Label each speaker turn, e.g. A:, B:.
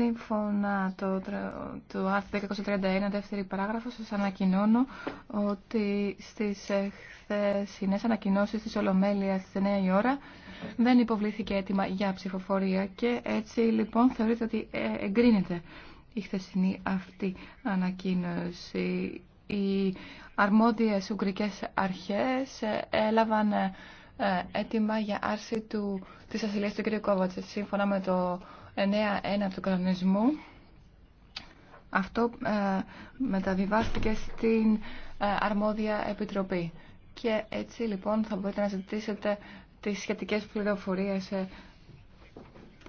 A: Σύμφωνα το, το άρθρο δεύτερη παράγραφο σας ανακοινώνω ότι στις χθεσινές ανακοινώσεις της Ολομέλειας στις 9 η ώρα δεν υποβλήθηκε έτοιμα για ψηφοφορία και έτσι λοιπόν θεωρείται ότι ε, εγκρίνεται η χθεσινή αυτή ανακοίνωση. Οι αρμόδιες ουγγρικές αρχές ε, έλαβαν έτοιμα ε, για άρση του, της ασυλίας του κ. Κόβατσε σύμφωνα με το 9.1 του κανονισμού αυτό ε, μεταβιβάστηκε στην ε, αρμόδια επιτροπή. Και έτσι λοιπόν θα μπορείτε να ζητήσετε τις σχετικές
B: πληροφορίες ε,